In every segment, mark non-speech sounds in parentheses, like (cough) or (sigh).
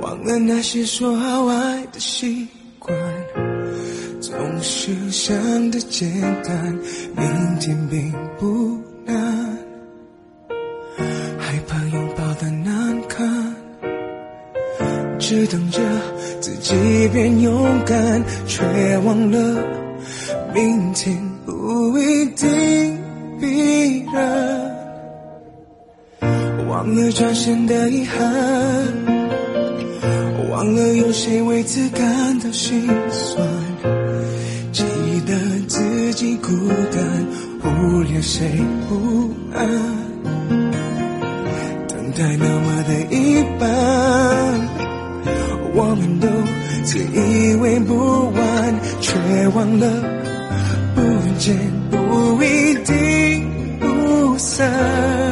忘了那些說好愛的習慣，總是想得簡單，明天並不難，害怕擁抱的難堪，只等着自己變勇敢，卻忘了明天不一定必然，忘了轉身的遺憾。忘了有誰為此感到心酸，記得自己孤單，忽略誰不安，等待那麼的一半，我們都自以為不完，卻忘了不見不一定不散。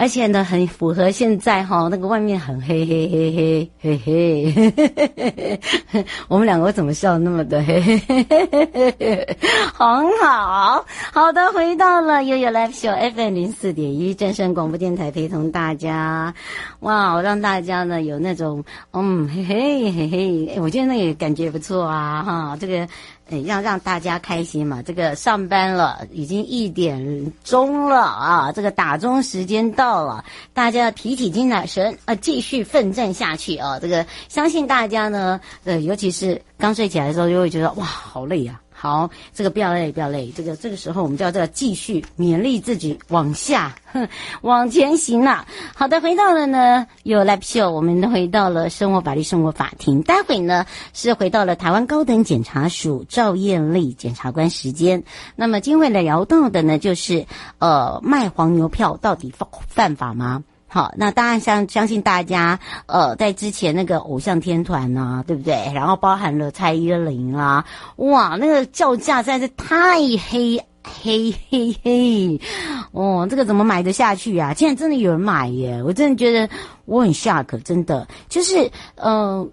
而且呢，很符合現在哈、哦，那個外面很黑，嘿嘿嘿嘿嘿嘿，嘿，嘿，嘿，嘿，嘿嘿，我們兩個怎麼笑那麼的嘿嘿，嘿，嘿嘿，很好，好的，回到了悠悠 Live Show FM 零四點一，正聲廣播電台，陪同大家，哇，讓大家呢有那種，嗯，嘿嘿嘿嘿，我覺得那個感覺也不錯啊，哈，這個。要、嗯、讓，讓大家開心嘛！這個上班了，已經一點鐘了啊！這個打鐘時間到了，大家要提起精神，啊、呃，繼續奮戰下去啊！這個相信大家呢，呃，尤其是剛睡起來的時候，就會覺得哇，好累呀、啊。好，這個不要累，不要累。這個這個時候，我們就要再繼續勉勵自己往下，哼，往前行吶、啊。好的，回到了呢，有 live show，我們回到了生活法律生活法庭。待會呢，是回到了台灣高等檢察署趙燕利檢察官時間。那麼今天會來聊到的呢，就是呃，賣黃牛票到底犯法嗎？好，那當然相相信大家，呃，在之前那個偶像天團吶、啊，對不對？然後包含了蔡依林啦、啊，哇，那個叫價實在是太黑黑黑黑，哦，這個怎麼買得下去啊？竟然真的有人買耶！我真的覺得我很 shock，真的就是，呃，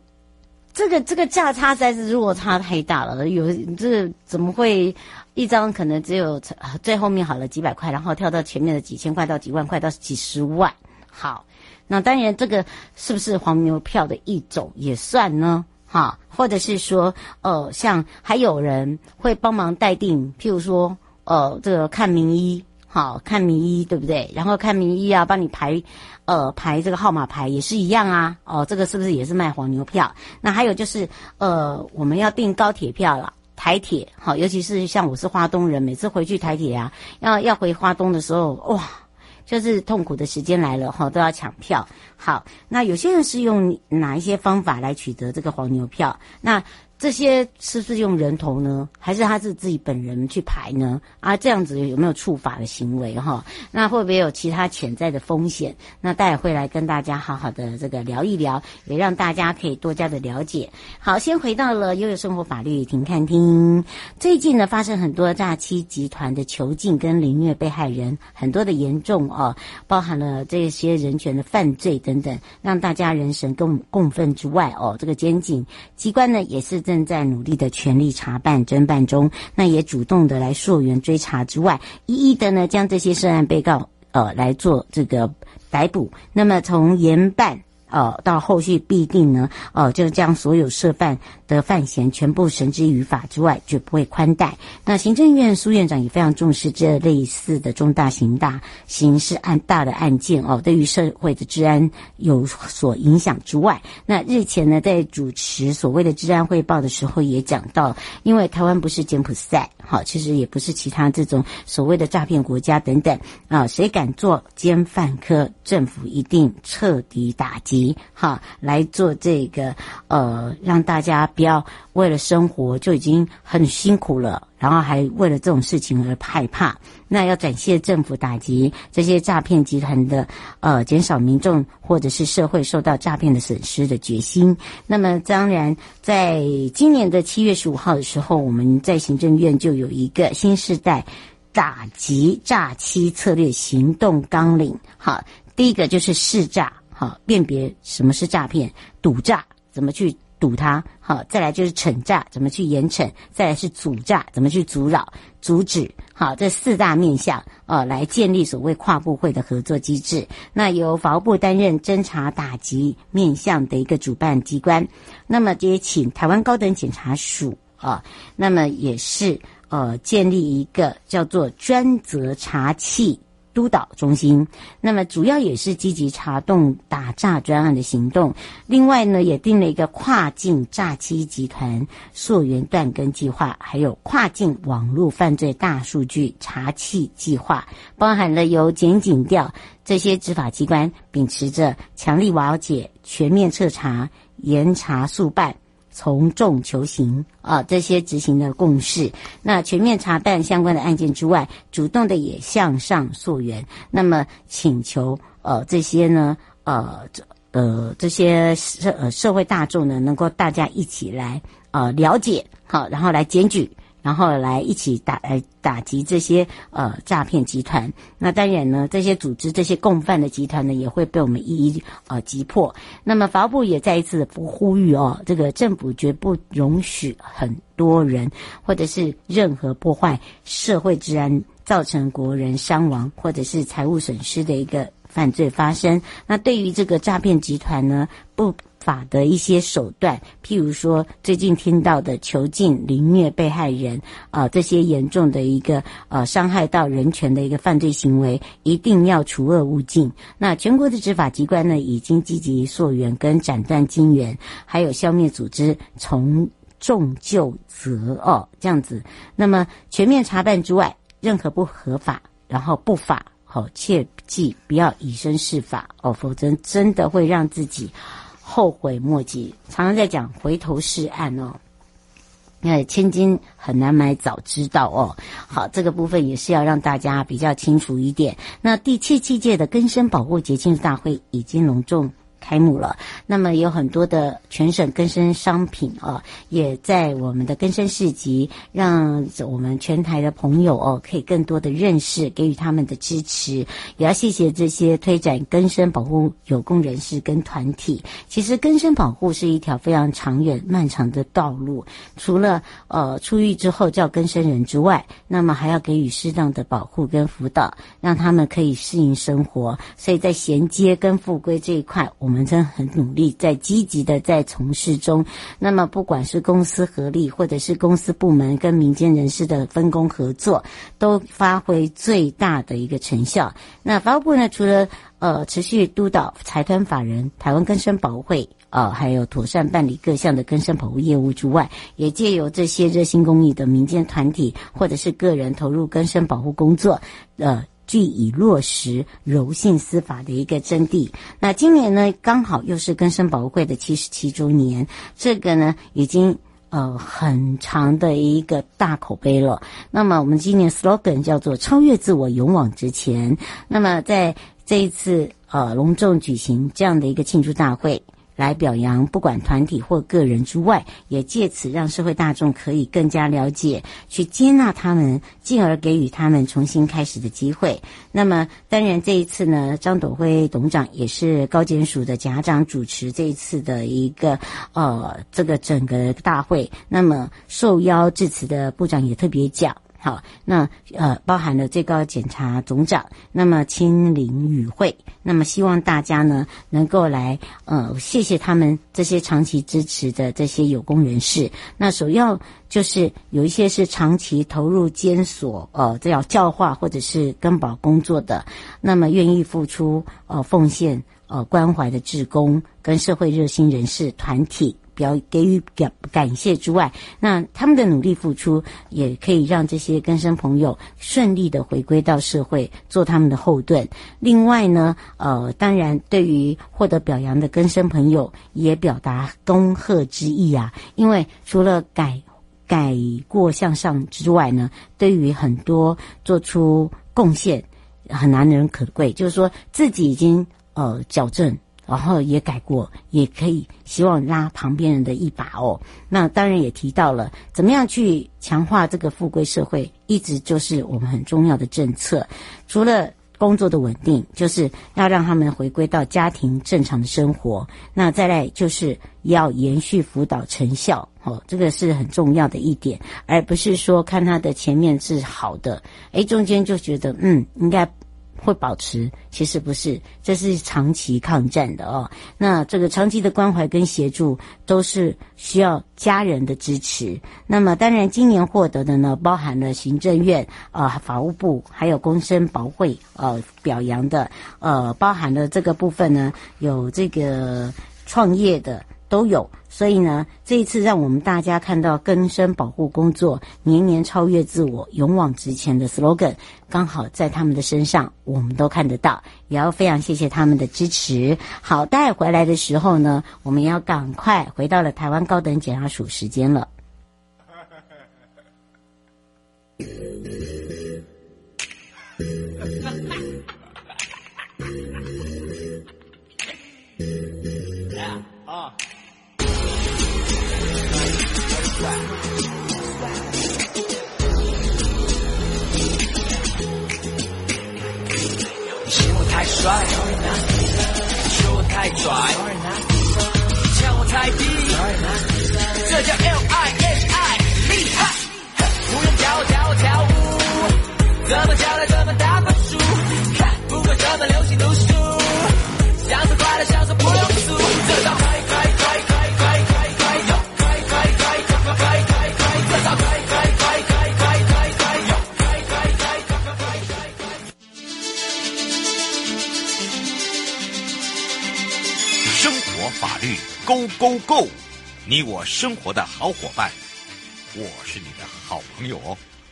這個這個價差實在是如果差太大了，有這個、怎麼會一張可能只有、呃、最後面好了幾百塊，然後跳到前面的幾千塊到幾萬塊到幾十萬？好，那當然，這個是不是黃牛票的一種也算呢？哈，或者是說，呃，像還有人會幫忙代訂，譬如說，呃，這個看名醫，好，看名醫，對不對？然後看名醫啊，幫你排，呃，排這個號碼牌也是一樣啊。哦、呃，這個是不是也是賣黃牛票？那還有就是，呃，我們要訂高鐵票了，台鐵，哈，尤其是像我是花東人，每次回去台鐵啊，要要回花東的時候，哇。就是痛苦的時間來了哈，都要搶票。好，那有些人是用哪一些方法來取得這個黃牛票？那。這些是不是用人頭呢？還是他是自己本人去排呢？啊，這樣子有沒有觸法的行為哈？那會不會有其他潛在的風險？那待會來跟大家好好的這個聊一聊，也讓大家可以多加的了解。好，先回到了悠悠生活法律停看聽。最近呢，發生很多詐欺集團的囚禁跟凌虐被害人，很多的嚴重哦，包含了這些人權的犯罪等等，讓大家人神共共憤之外哦，這個檢警機關呢也是。正在努力的全力查辦、偵辦中，那也主動的來溯源追查之外，一一的呢將這些涉案被告呃來做這個逮捕，那麼從嚴辦。哦，到後續必定呢，哦，就是將所有涉犯的犯嫌全部繩之於法之外，絕不會寬待。那行政院蘇院長也非常重視這類似的重大刑大刑事案大的案件哦，對於社會的治安有所影響之外，那日前呢在主持所謂的治安匯報的時候也講到，因為台灣不是柬埔寨，好、哦，其實也不是其他這種所謂的詐騙國家等等啊、哦，誰敢做奸犯科，政府一定徹底打擊。哈，來做這個，呃，讓大家不要為了生活就已經很辛苦了，然後還為了這種事情而害怕。那要展現政府打擊這些詐騙集團的，呃，減少民眾或者是社會受到詐騙的損失的決心。那麼，當然，在今年的七月十五號的時候，我們在行政院就有一個新世代打擊詐欺策略行動綱領。好，第一個就是識詐。好，辨別什麼是詐騙、堵詐，怎麼去堵它？好，再來就是懲詐，怎麼去嚴懲？再來是阻詐，怎麼去阻擾、阻止？好，這四大面向，呃，來建立所謂跨部會的合作機制。那由法務部擔任偵查打擊面向的一個主辦機關，那麼也請台灣高等檢察署啊、呃，那麼也是呃，建立一個叫做專責查緝督導中心，那麼主要也是積極查凍打詐專案的行動，另外呢，也定了一個跨境詐欺集團溯源斷根計劃，還有跨境網絡犯罪大數據查緝計劃，包含了由檢警調這些執法機關秉持着強力瓦解、全面徹查、嚴查速辦。從重求刑啊，這些執行的共識。那全面查辦相關的案件之外，主動的也向上溯源。那麼，請求呃這些呢呃這呃這些社呃社會大眾呢，能夠大家一起來呃了解好，然後來檢舉。然後來一起打呃打擊這些呃詐騙集團。那當然呢，這些組織、這些共犯的集團呢，也會被我們一一呃擊破。那麼，法務部也再一次不呼籲哦，這個政府絕不容許很多人或者是任何破壞社會治安、造成國人傷亡或者是財務損失的一個犯罪發生。那對於這個詐騙集團呢，不。法的一些手段，譬如說最近聽到的囚禁、凌虐被害人啊、呃，這些嚴重的一個呃傷害到人權的一個犯罪行為，一定要除惡務盡。那全國的執法機關呢，已經積極溯源跟斬斷根源，還有消滅組織，從重就責哦，這樣子。那麼全面查辦之外，任何不合法，然後不法哦，切記不要以身試法哦，否則真的會讓自己。後悔莫及，常常在講回頭是岸哦。那千金很難買，早知道哦。好，這個部分也是要讓大家比較清楚一點。那第七七屆的更生保護慶祝大會已經隆重開幕了，那麼有很多的全省更生商品啊、呃，也在我們的更生市集，讓我們全台的朋友哦、呃，可以更多的認識，給予他們的支持，也要謝謝這些推展更生保護有功人士跟團體。其實更生保護是一條非常長遠、漫長的道路，除了呃出獄之後叫更生人之外，那麼還要給予適當的保護跟輔導，讓他們可以適應生活。所以在銜接跟復歸這一塊，我們。我們真的很努力，在積極的在從事中。那麼，不管是公私合力，或者是公私部門跟民間人士的分工合作，都發揮最大的一個成效。那法務部呢，除了呃持續督導財團法人台灣更生保護會，呃，還有妥善辦理各項的更生保護業務之外，也借由這些熱心公益的民間團體或者是個人投入更生保護工作，呃。據以落實柔性司法的一個真諦。那今年呢，剛好又是更生保護會的七十七周年，這個呢已經呃很長的一個大口碑了。那麼我們今年 slogan 叫做超越自我，勇往直前。那麼在這一次呃隆重舉行這樣的一個慶祝大會。來表揚，不管團體或個人之外，也借此讓社會大眾可以更加了解，去接納他們，進而給予他們重新開始的機會。那麼，當然這一次呢，張朵輝董長也是高檢署的家長主持這一次的一個呃這個整個大會。那麼受邀致辭的部長也特別講。好，那呃，包含了最高檢察總長，那麼親臨與會，那麼希望大家呢能夠來呃，謝謝他們這些長期支持的這些有功人士。那首要就是有一些是長期投入監所呃，這要教化或者是更保工作的，那麼願意付出呃奉獻呃關懷的志工跟社會熱心人士團體。表給予表感謝之外，那他們的努力付出也可以讓這些更生朋友順利的回歸到社會，做他們的後盾。另外呢，呃，當然對於獲得表揚的更生朋友，也表達恭賀之意啊。因為除了改改過向上之外呢，對於很多做出貢獻很難能可貴，就是說自己已經呃矯正。然後也改過，也可以希望拉旁邊人的一把哦。那當然也提到了怎麼樣去強化這個復歸社會，一直就是我們很重要的政策。除了工作的穩定，就是要讓他們回歸到家庭正常的生活。那再來就是要延續輔導成效哦，這個是很重要的一點，而不是說看他的前面是好的，誒，中間就覺得嗯應該。會保持，其實不是，這是長期抗戰的哦。那這個長期的關懷跟協助，都是需要家人的支持。那麼，當然今年獲得的呢，包含了行政院、啊、呃，法務部，還有更生保護會，呃，表揚的，呃，包含了這個部分呢，有這個創業的。都有，所以呢，這一次讓我們大家看到更生保護工作年年超越自我、勇往直前的 slogan，剛好在他們的身上，我們都看得到。也要非常謝謝他們的支持。好，待會來的時候呢，我們要趕快回到了台灣高等檢察署時間了。啊！ (laughs) (laughs) 有 (noise) (noise) (noise) (noise) 你嫌我太帥，說我太拽，叫我太低 Go Go Go！你我生活的好夥伴，我是你的好朋友。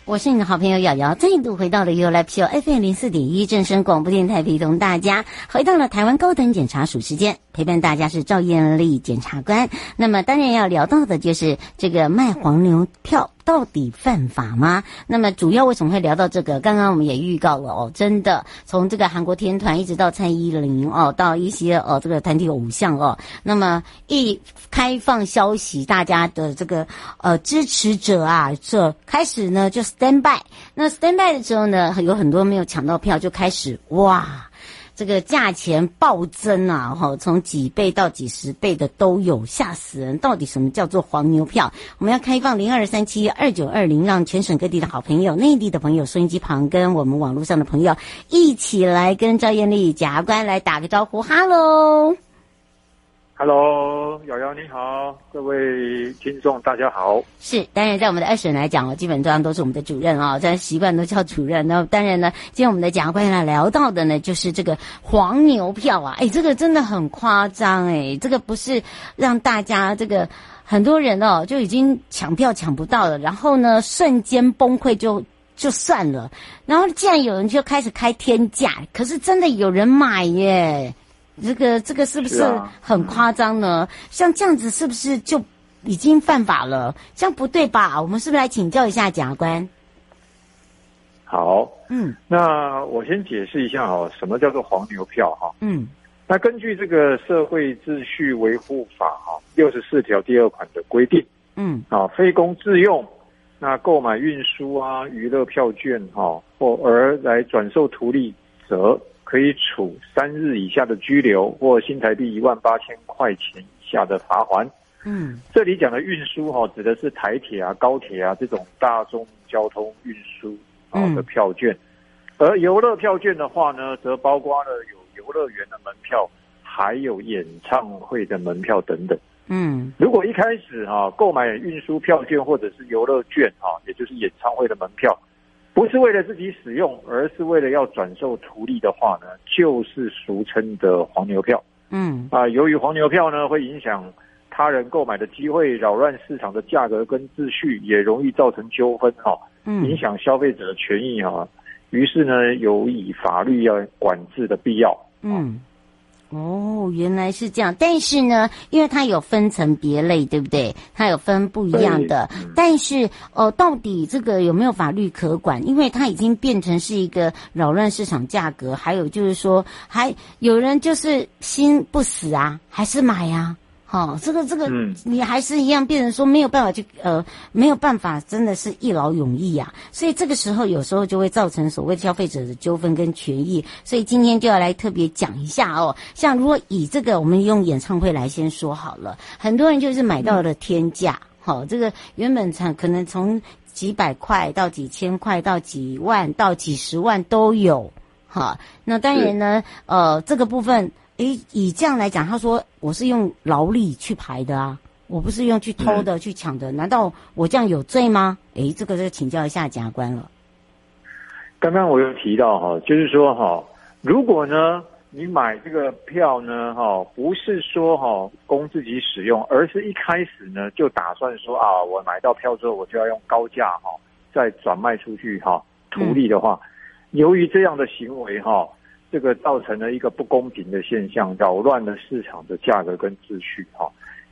我是你的好朋友瑤瑤，再度回到了 u 樂 P O F M 零四點一正聲廣播電台，陪同大家回到了台灣高等檢察署時間，陪伴大家是趙燕利檢察官。那麼當然要聊到的就是這個賣黃牛票。到底犯法嗎？那麼主要為什麼會聊到這個？剛剛我們也預告了哦，真的從這個韓國天團一直到蔡依林哦，到一些呃、哦、這個團體偶像哦，那麼一開放消息，大家的這個呃支持者啊，這開始呢就 stand by，那 stand by 的時候呢，有很多沒有搶到票就開始哇。這個價錢暴增啊！哈，從幾倍到幾十倍的都有，嚇死人！到底什麼叫做黃牛票？我們要開放零二三七二九二零，讓全省各地的好朋友、內地的朋友、收音機旁跟我們網絡上的朋友一起來跟趙燕利、甲關來打個招呼，哈嘍！Hello，瑤瑤你好，各位聽眾大家好。是，當然在我們的二審來講、哦，基本上都是我們的主任啊、哦，咱習慣都叫主任。那當然呢，今天我們的檢察官來聊到的呢，就是這個黃牛票啊，哎，這個真的很誇張哎、欸，這個不是讓大家這個很多人哦就已經搶票搶不到了，然後呢瞬間崩潰就就算了，然後竟然有人就開始開天價，可是真的有人買耶。這個這個是不是很誇張呢、啊？像這樣子是不是就已經犯法了？像不對吧？我們是不是來請教一下檢察官？好，嗯，那我先解釋一下哈，什麼叫做黃牛票哈？嗯，那根據這個社會秩序維護法哈六十四條第二款的規定，嗯，啊，非公自用，那購買運輸啊娛樂票券哈，或而來轉售圖利者。可以處三日以下的拘留或新台幣一萬八千塊錢以下的罰鍰。嗯，這裡講的運輸哈，指的是台鐵啊、高鐵啊這種大眾交通運輸啊的票券。嗯，而遊樂票券的話呢，則包括了有遊樂園的門票，還有演唱會的門票等等。嗯，如果一開始哈購買運輸票券或者是遊樂券啊，也就是演唱會的門票。不是為了自己使用，而是為了要轉售圖利的話呢，就是俗稱的黃牛票。嗯啊，由於黃牛票呢會影響他人購買的機會，擾亂市場的價格跟秩序，也容易造成糾紛哈、啊，影響消費者的權益啊。於是呢，有以法律要、啊、管制的必要。啊、嗯。哦，原來是這樣。但是呢，因為它有分層別類，對不對？它有分不一樣的。但是哦、呃，到底這個有沒有法律可管？因為它已經變成是一個擾亂市場價格，還有就是說，還有人就是心不死啊，還是買呀、啊？哦，這個這個，你還是一樣，變成說沒有辦法去，就呃，沒有辦法，真的是一勞永逸呀、啊。所以這個時候有時候就會造成所謂消費者的糾紛跟權益。所以今天就要來特別講一下哦。像如果以這個，我們用演唱會來先說好了，很多人就是買到了天價。好、嗯哦，這個原本可能從幾百塊到幾千塊到幾萬到幾十萬都有。好、哦，那當然呢、嗯，呃，這個部分。誒，以這樣來講，他說我是用勞力去排的啊，我不是用去偷的、嗯、去搶的，難道我這樣有罪嗎？誒，這個就請教一下檢察官了。剛剛我又提到哈，就是說哈，如果呢你買這個票呢哈，不是說哈供自己使用，而是一開始呢就打算說啊，我買到票之後我就要用高價哈再轉賣出去哈，圖利的話、嗯，由於這樣的行為哈。這個造成了一個不公平的現象，擾亂了市場的價格跟秩序。哈，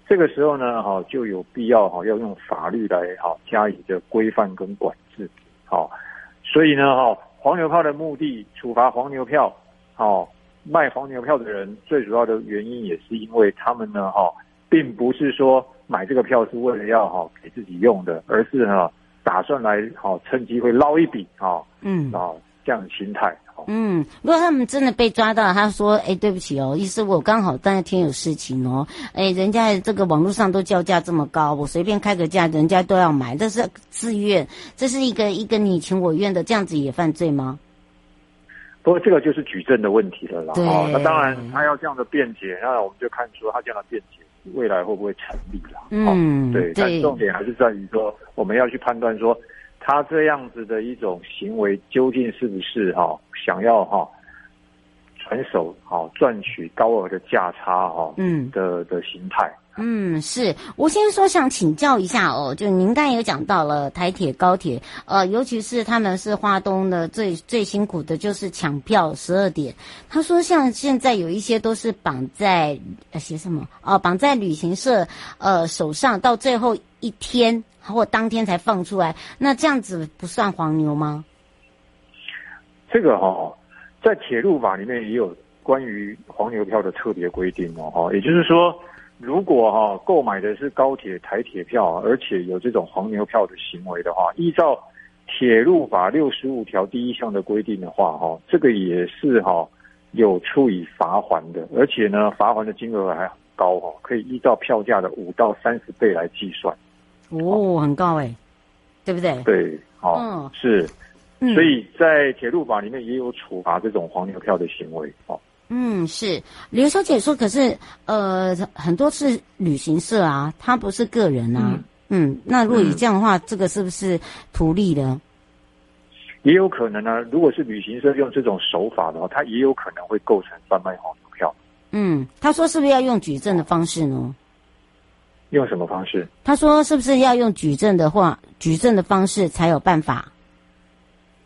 這個時候呢，哈就有必要哈，要用法律來哈加以的規範跟管制。好，所以呢，哈黃牛票的目的，處罰黃牛票，哦賣黃牛票的人，最主要的原因也是因為他們呢，哈並不是說買這個票是為了要哈給自己用的，而是打算來趁機會撈一筆啊，嗯啊這樣的心態。嗯，如果他們真的被抓到，他說：“哎、欸，對不起哦，意思我剛好當天有事情哦，哎、欸，人家這個網絡上都叫價這麼高，我隨便開個價，人家都要買，這是自願，這是一個一個你情我願的，這樣子也犯罪嗎？”不過這個就是舉證的問題了啦。哦，那當然他要這樣的辯解，那我們就看出他這樣的辯解未來會不會成立了、啊。嗯、哦，對。但重點還是在於說，我們要去判斷說。他這樣子的一種行為，究竟是不是哈、啊、想要哈、啊、轉手哈、啊、賺取高額的價差哈、啊？嗯，的的形態。嗯，是我先說，想請教一下哦，就您剛才也講到了台鐵高鐵，呃，尤其是他們是花東的最最辛苦的就是搶票十二點。他說像現在有一些都是綁在呃寫什麼啊綁、呃、在旅行社呃手上到最後，一天或當天才放出來，那這樣子不算黃牛嗎？這個哈、哦，在鐵路法裡面也有關於黃牛票的特別規定哦。哈，也就是說，如果哈、哦、購買的是高鐵、台鐵票，而且有這種黃牛票的行為的話，依照鐵路法六十五條第一項的規定的話，哈，這個也是哈、哦、有處以罰鍰的，而且呢，罰鍰的金額還很高哦，可以依照票價的五到三十倍來計算。哦，很高哎、哦，對不對？對，好、哦哦，是、嗯，所以在鐵路法裡面也有處罰這種黃牛票的行為哦。嗯，是劉小姐說，可是呃，很多是旅行社啊，他不是個人啊，嗯，嗯那如果你這樣的話、嗯，這個是不是圖利的？也有可能啊，如果是旅行社用這種手法的話，他也有可能會構成販賣黃牛票。嗯，他說是不是要用舉證的方式呢？哦用什麼方式？他說：“是不是要用舉證的話，舉證的方式才有辦法？”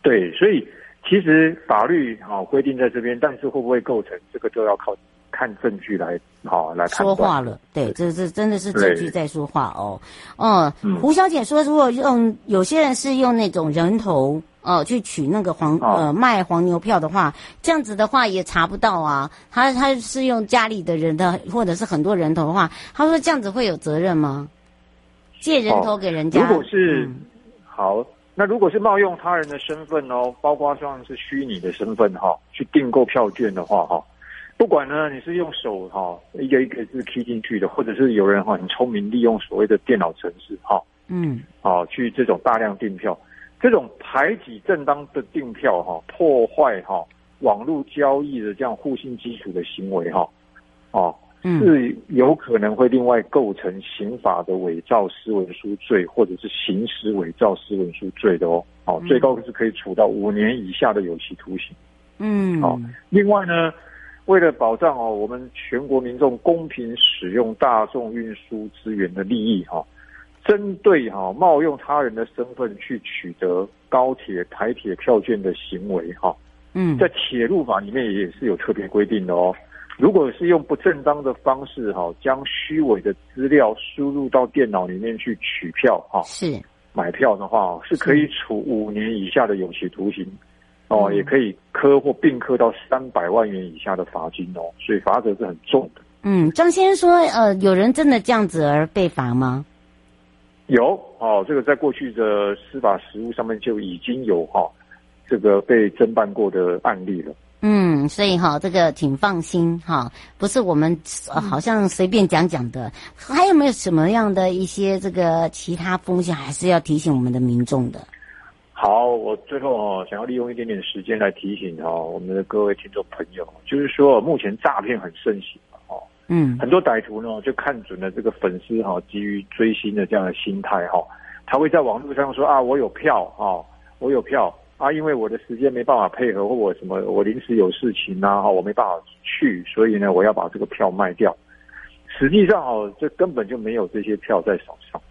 對，所以其實法律啊規定在這邊，但是會不會構成，這個就要靠。看證據來，哈、哦、來說話了。對，這這真的是證據在說話哦、呃。嗯，胡小姐說，說，如果用有些人是用那種人頭哦、呃、去取那個黃、哦、呃賣黃牛票的話，這樣子的話也查不到啊。他他是用家裡的人的，或者是很多人頭的話，他說這樣子會有責任嗎？借人頭給人家，哦、如果是、嗯、好，那如果是冒用他人的身份哦，包括像是虛擬的身份哈、哦，去訂購票券的話哈、哦。不管呢，你是用手哈，一個一個字 key 進去的，或者是有人哈很聰明利用所謂的電腦程式哈，嗯，啊，去這種大量訂票，這種排擠正當的訂票哈、啊，破壞哈、啊、網絡交易的這樣互信基礎的行為哈，啊、嗯，是有可能會另外構成刑法的偽造私文書罪或者是行使偽造私文書罪的哦，哦、啊，最高是可以處到五年以下的有期徒刑，嗯，哦、啊，另外呢。為了保障我們全國民眾公平使用大眾運輸資源的利益哈，針對哈冒用他人的身份去取得高鐵、台鐵票券的行為哈，嗯，在鐵路法裡面也是有特別規定的哦。如果是用不正當的方式哈，將虛偽的資料輸入到電腦裡面去取票哈，是買票的話是可以處五年以下的有期徒刑。哦，也可以科或併科到三百萬元以下的罰金哦，所以罰則是很重的。嗯，張先生說，呃，有人真的這樣子而被罰嗎？有哦，這個在過去的司法實務上面就已經有哈、哦，這個被偵辦過的案例了。嗯，所以哈、哦，這個請放心哈、哦，不是我們好像隨便講講的。還有沒有什麼樣的一些這個其他風險，還是要提醒我們的民眾的？好，我最後哦，想要利用一點點時間來提醒哈我們的各位聽眾朋友，就是說目前詐騙很盛行哦，嗯，很多歹徒呢就看準了這個粉絲哈，基於追星的這樣的心態哈，他會在網絡上說啊，我有票啊，我有票啊，因為我的時間沒辦法配合或我什麼，我臨時有事情啊，我沒辦法去，所以呢，我要把這個票賣掉。實際上哦，這根本就沒有這些票在手上。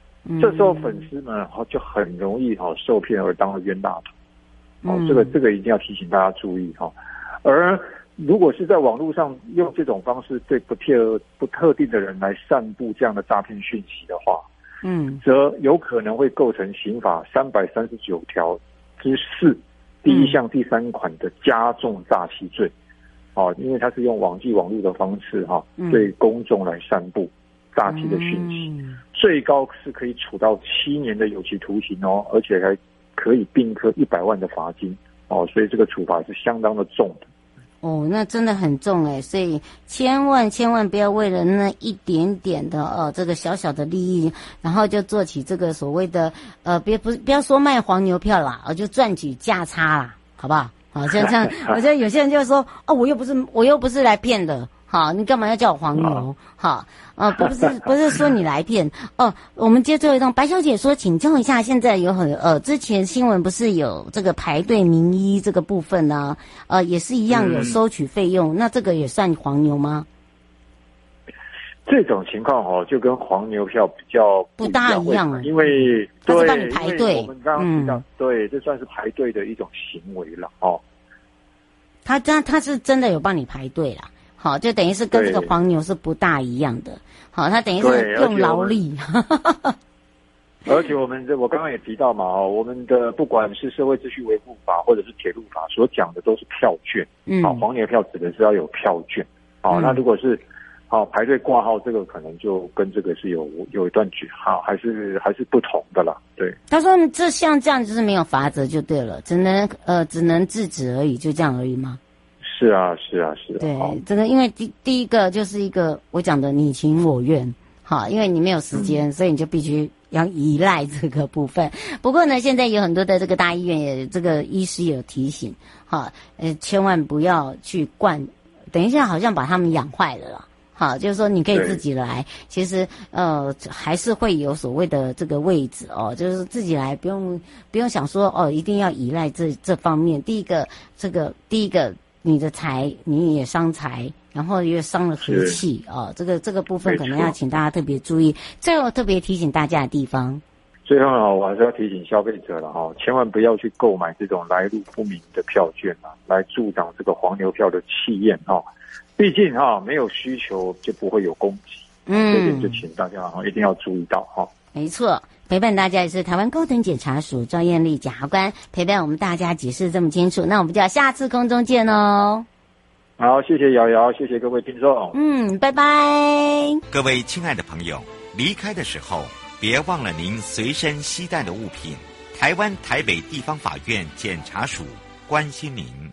這時候粉絲們就很容易受騙而當了冤大頭，哦，這個這個一定要提醒大家注意哈、嗯。而如果是在網絡上用這種方式對不特不特定的人來散布這樣的詐騙訊息的話，嗯，則有可能會構成刑法三百三十九條之四第一項第三款的加重詐欺罪，哦、嗯，因為它是用網際網絡的方式哈對公眾來散布詐欺的訊息。嗯嗯最高是可以處到七年的有期徒刑哦，而且還可以併科一百萬的罰金哦，所以這個處罰是相當的重的。哦，那真的很重哎、欸，所以千萬千萬不要為了那一點點的呃、哦、這個小小的利益，然後就做起這個所謂的呃，別不不要說賣黃牛票啦，而就賺取價差啦，好不好？好像這樣，像 (laughs) 有些人就說，哦，我又不是我又不是來騙的。好，你幹嘛要叫我黃牛？啊？好，呃，不是，不是說你來騙哦、 (laughs) 呃。我們接最後一通。白小姐說：“請教一下，現在有很呃，之前新聞不是有這個排隊名醫這個部分呢，啊？呃，也是一樣有收取費用，嗯，那這個也算黃牛嗎？”這種情況哦，就跟黃牛票比較不一樣，不大一樣，啊，因為他是幫你排隊，對，所以我們剛剛提到，對，這算是排隊的一種行為了哦。他真他是真的有幫你排隊啦。好，就等於是跟這個黃牛是不大一樣的。好，他等於是用勞力。而且， (laughs) 而且我們這，我剛剛也提到嘛，哦，我們的不管是社會秩序維護法或者是鐵路法，所講的都是票券。嗯，好，黃牛票指的是要有票券。好，嗯、那如果是好排隊掛號，這個可能就跟這個是有有一段距，好，還是還是不同的了。對，他說這像這樣就是沒有罰則就對了，只能呃只能制止而已，就這樣而已嗎？是啊，是啊，是啊。對，真的，因為第第一個就是一個我講的你情我願，哈，因為你沒有時間，嗯，所以你就必須要依賴這個部分。不過呢，現在有很多的這個大醫院也這個醫師也有提醒，哈，呃，千萬不要去慣，等一下好像把他們養壞了啦，哈，就是說你可以自己來。其實呃，還是會有所謂的這個位置哦，就是自己來，不用不用想說哦，一定要依賴這這方面。第一個，這個第一個。你的財你也傷財，然後又傷了和氣啊！這個這個部分可能要請大家特別注意。最後特別提醒大家的地方，最後呢，我還是要提醒消費者了哈，千萬不要去購買這種來路不明的票券啊，來助長這個黃牛票的氣焰哈。畢竟哈，沒有需求就不會有供給，嗯、這點就請大家一定要注意到哈。沒錯。陪伴大家也是台灣高等檢察署趙燕利檢察官陪伴我們大家解釋這麼清楚，那我們就要下次空中見嘍、哦。好，謝謝瑤瑤，謝謝各位聽眾，嗯，拜拜。各位親愛的朋友，離開的時候別忘了您隨身攜帶的物品。台灣台北地方法院檢察署關心您。